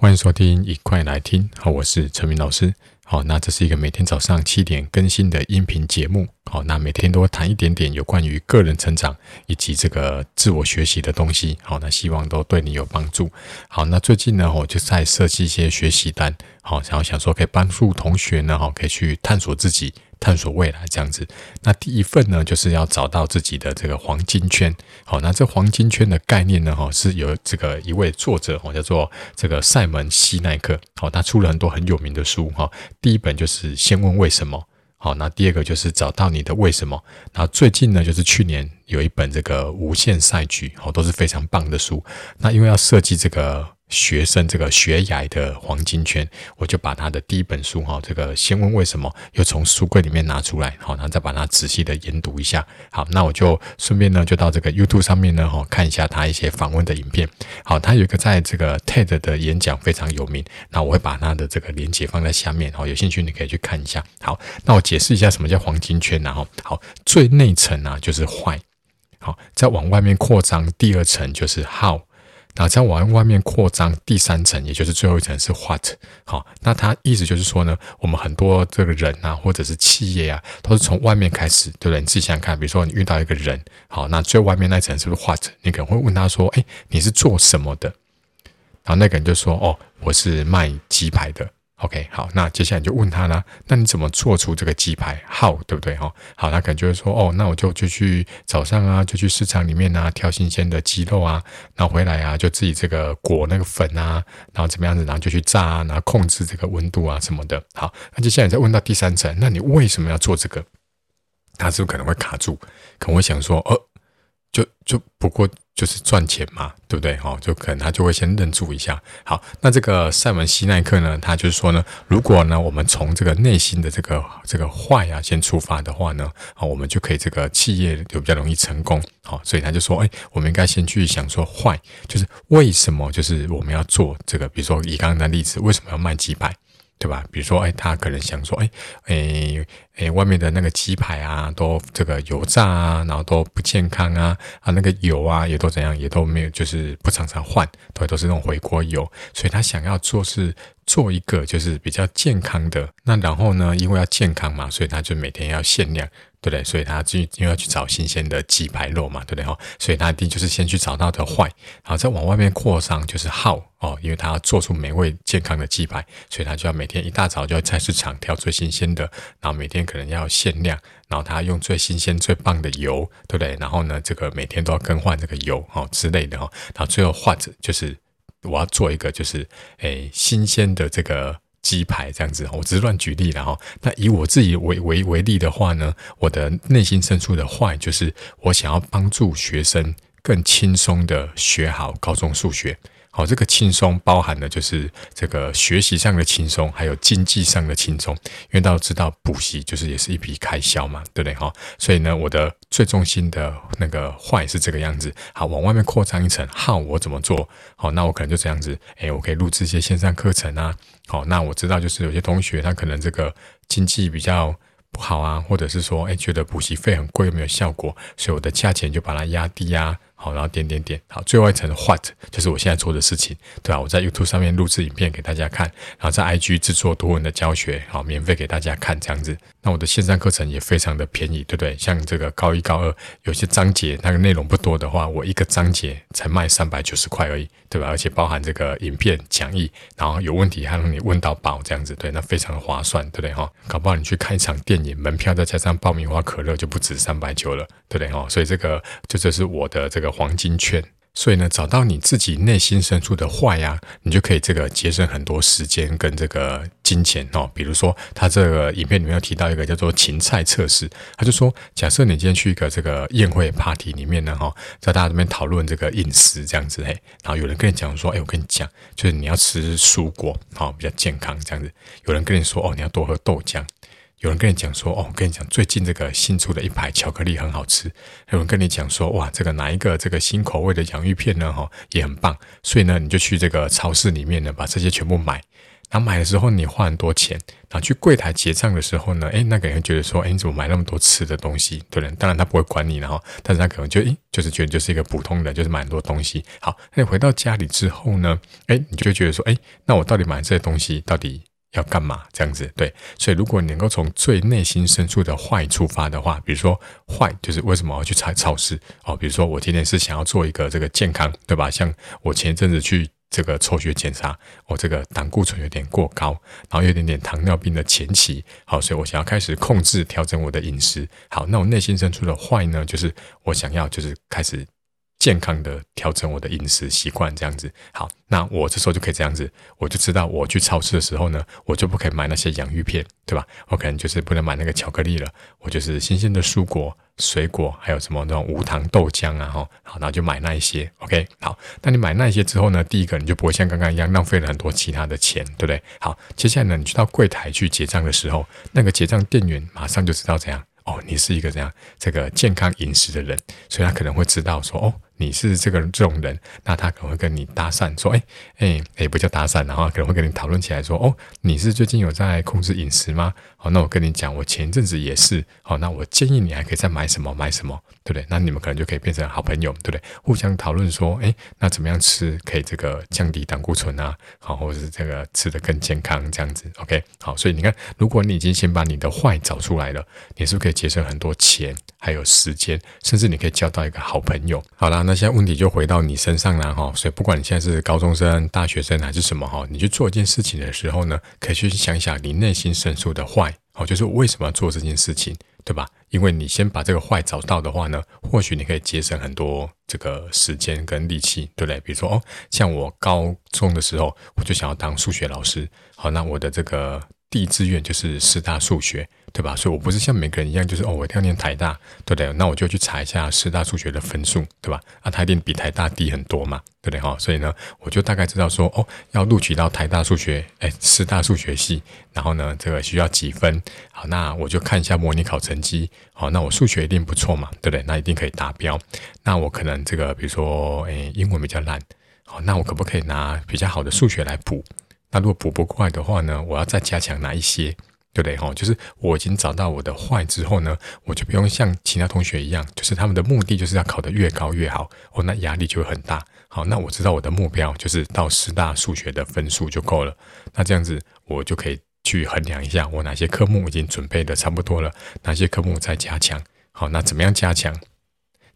歡迎收聽，一塊來聽。好，我是陳明老師。好、哦，那這是一個每天早上七點更新的音頻節目。好、哦，那每天都會談一點點有關於個人成長以及這個自我學習的東西。好、哦，那希望都對你有幫助。好，那最近呢，我就在設計一些學習單。好、哦，然後想說可以幫助同學呢，好、哦，可以去探索自己。探索未來這樣子，那第一份呢，就是要找到自己的這個黃金圈。好、哦，那這黃金圈的概念呢，哈、哦，是由這個一位作者哈、哦，叫做這個賽門西奈克。好、哦，他出了很多很有名的書哈、哦。第一本就是《先問為什麼》哦，好，那第二個就是找到你的為什麼。然、啊、後最近呢，就是去年有一本這個《無限賽局》哦，好，都是非常棒的書。那因為要設計這個。學生這個學涯的黃金圈，我就把他的第一本書哈，這個先問為什麼，又從書櫃裡面拿出來，好，然後再把它仔細的研讀一下。好，那我就順便呢，就到這個 YouTube 上面呢，哦，看一下他一些訪問的影片。好，他有一個在這個 TED 的演講非常有名，那我會把他的這個連結放在下面，好，有興趣你可以去看一下。好，那我解釋一下什麼叫黃金圈、啊，然後好，最內層呢、啊、就是 Why。好，再往外面擴張，第二層就是 How。然後再往外面擴張，第三層也就是最後一層是 what，好，那它意思就是說呢，我們很多這個人啊，或者是企業啊，都是從外面開始，對不對？你自己想想看，比如說你遇到一個人，好，那最外面那層是不是 what？你可能會問他說，哎，你是做什麼的？然後那個人就說，哦，我是賣雞排的。OK，好，那接下來就問他啦，那你怎麼做出這個雞排？How，對不對？哈，好，他可能就會說，哦，那我就就去早上啊，就去市場裡面啊，挑新鮮的雞肉啊，然後回來啊，就自己這個裹那個粉啊，然後怎麼樣子，然後就去炸啊，然後控制這個溫度啊什麼的。好，那接下來再問到第三層，那你為什麼要做這個？他是不是可能會卡住？可能會想說，呃、哦。就就不過就是賺錢嘛，對不對？哈、哦，就可能他就會先愣住一下。好，那這個賽門西奈克呢，他就是說呢，如果呢我們從這個內心的這個這個 Why 啊先出發的話呢，好、哦，我們就可以這個企業就比較容易成功。好、哦，所以他就說，哎，我們應該先去想說 Why，就是為什麼？就是我們要做這個，比如說以剛剛的例子，為什麼要賣幾百，對吧？比如說，哎，他可能想說，哎，哎。誒、欸，外面的那個雞排啊，都這個油炸啊，然後都不健康啊啊，那個油啊也都怎樣，也都沒有，就是不常常換，都都是那種回鍋油。所以他想要做是做一個就是比較健康的。那然後呢，因為要健康嘛，所以他就每天要限量，對不對？所以他就又要去找新鮮的雞排肉嘛，對不對哦，所以他一定就是先去找到的 why，然後再往外面擴張就是 how 哦，因為他要做出美味健康的雞排，所以他就要每天一大早就要菜市場挑最新鮮的，然後每天。可能要限量，然後他用最新鮮、最棒的油，對不對？然後呢，這個每天都要更換這個油哦之類的哦，然後最後或者就是我要做一個，就是誒新鮮的這個雞排這樣子。我只是亂舉例了哈。那以我自己為為為例的話呢，我的內心深處的 Why 就是我想要幫助學生更輕鬆的學好高中數學。好，這個輕鬆包含的就是這個學習上的輕鬆，還有經濟上的輕鬆。因為大家知道補習就是也是一筆開銷嘛，對不對？哈，所以呢，我的最中心的那個 Why 是這個樣子。好，往外面擴張一層，好，我怎麼做？好，那我可能就這樣子，哎，我可以錄製一些線上課程啊。好，那我知道就是有些同學他可能這個經濟比較不好啊，或者是說，哎，覺得補習費很貴沒有效果，所以我的價錢就把它壓低啊。好，然後點點點，好，最外層 What 就是我現在做的事情，對吧？我在 YouTube 上面錄製影片給大家看，然後在 IG 製作圖文的教學，好，免費給大家看這樣子。那我的線上課程也非常的便宜，對不對？像這個高一、高二有些章節那個內容不多的話，我一個章節才賣三百九十塊而已，對吧？而且包含這個影片、講義，然後有問題還讓你問到飽，這樣子，對，那非常的划算，對不對哈？搞不好你去看一場電影，門票再加上爆米花、可樂就不止三百九了，對不對哈？所以這個就這是我的這個黃金圈。所以呢，找到你自己內心深處的 why 呀、啊，你就可以這個節省很多時間跟這個金錢哦。比如說，他這個影片裡面有提到一個叫做“芹菜測試”，他就說，假設你今天去一個這個宴會 party 裡面呢，哈、哦，在大家這邊討論這個飲食這樣子，哎，然後有人跟你講說，哎、欸，我跟你講，就是你要吃蔬果，好、哦、比較健康這樣子。有人跟你說，哦，你要多喝豆漿。有人跟你講說，哦，跟你講，最近這個新出的一排巧克力很好吃。有人跟你講說，哇，這個哪一個這個新口味的洋芋片呢，哈，也很棒。所以呢，你就去這個超市裡面呢，把這些全部買。然後買的時候你花很多錢。然後去櫃檯結賬的時候呢，哎，那個人會覺得說，哎，你怎麼買那麼多吃的東西？對，當然他不會管你，然後，但是他可能就，哎，就是覺得就是一個普通的，就是買很多東西。好，那你回到家裡之後呢，哎，你就覺得說，哎，那我到底買這些東西到底？要幹嘛？這樣子，對，所以如果你能夠從最內心深處的壞出發的話，比如說壞就是為什麼要去超超市哦？比如說我今天是想要做一個這個健康，對吧？像我前一陣子去這個抽血檢查，我、哦、這個膽固醇有點過高，然後有點點糖尿病的前期，好、哦，所以我想要開始控制調整我的飲食。好，那我內心深處的壞呢，就是我想要就是開始。健康的調整我的飲食習慣，這樣子好，那我這時候就可以這樣子，我就知道我去超市的時候呢，我就不可以買那些洋芋片，對吧？我可能就是不能買那個巧克力了，我就是新鮮的蔬果、水果，還有什麼那種無糖豆漿啊，哈、哦，好，然後就買那一些。OK，好，那你買那一些之後呢，第一個你就不會像剛剛一樣浪費了很多其他的錢，對不對？好，接下來呢，你去到櫃檯去結賬的時候，那個結賬店員馬上就知道怎樣，哦，你是一個怎樣？這個健康飲食的人，所以他可能會知道說，哦。你是這個這種人，那他可能會跟你搭訕說：“哎哎也不叫搭訕，然後可能會跟你討論起來說：哦，你是最近有在控制飲食嗎？好，那我跟你講，我前陣子也是。好，那我建議你還可以再買什麼買什麼，對不對？那你們可能就可以變成好朋友，對不對？互相討論說：哎、欸，那怎麼樣吃可以這個降低膽固醇啊？好，或者是這個吃得更健康這樣子。OK，好，所以你看，如果你已經先把你的壞找出來了，你是不是可以節省很多錢？還有時間，甚至你可以交到一個好朋友。好啦，那現在問題就回到你身上了哈、哦。所以，不管你現在是高中生、大學生還是什麼哈，你去做一件事情的時候呢，可以去想一想你內心深處的 why，哦，就是為什麼要做這件事情，對吧？因為你先把這個 why 找到的話呢，或許你可以節省很多這個時間跟力氣，對不對？比如說，哦，像我高中的時候，我就想要當數學老師。好，那我的這個。第一志願就是師大數學，對吧？所以我不是像每個人一樣，就是哦，我一定要念台大，對不對？那我就去查一下師大數學的分數，對吧？啊，它一定比台大低很多嘛，對不對、哦？所以呢，我就大概知道說，哦，要錄取到台大數學，哎，師大數學系，然後呢，這個需要幾分？好，那我就看一下模擬考成績。好、哦，那我數學一定不錯嘛，對不對？那一定可以達標。那我可能這個，比如說，哎，英文比較爛，好、哦，那我可不可以拿比較好的數學來補？那如果補不過來的話呢？我要再加強哪一些，對不對？哈、哦，就是我已經找到我的 why 之後呢，我就不用像其他同學一樣，就是他們的目的就是要考得越高越好，哦，那壓力就會很大。好，那我知道我的目標就是到師大數學的分數就夠了。那這樣子，我就可以去衡量一下我哪些科目已經準備的差不多了，哪些科目再加強。好，那怎麼樣加強？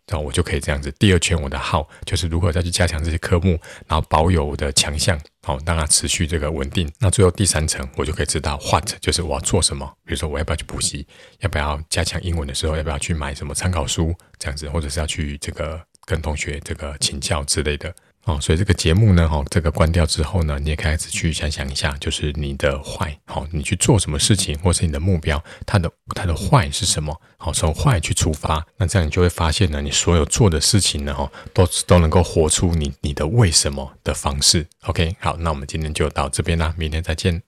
那我就可以這樣子，第二圈我的 how 就是如何再去加強這些科目，然後保有我的強項，好讓它持續這個穩定。那最後第三層，我就可以知道 what 就是我要做什麼，比如說我要不要去補習，要不要加強英文的時候，要不要去買什麼參考書這樣子，或者是要去這個跟同學這個請教之類的。哦，所以這個節目呢，哈、哦，這個關掉之後呢，你也開始去想想一下，就是你的 why，好、哦，你去做什麼事情，或是你的目標，它的它的 why 是什麼？好、哦，從 why 去出發，那這樣你就會發現呢，你所有做的事情呢，哈、哦，都都能夠活出你你的為什麼的方式。OK，好，那我們今天就到這邊啦，明天再見。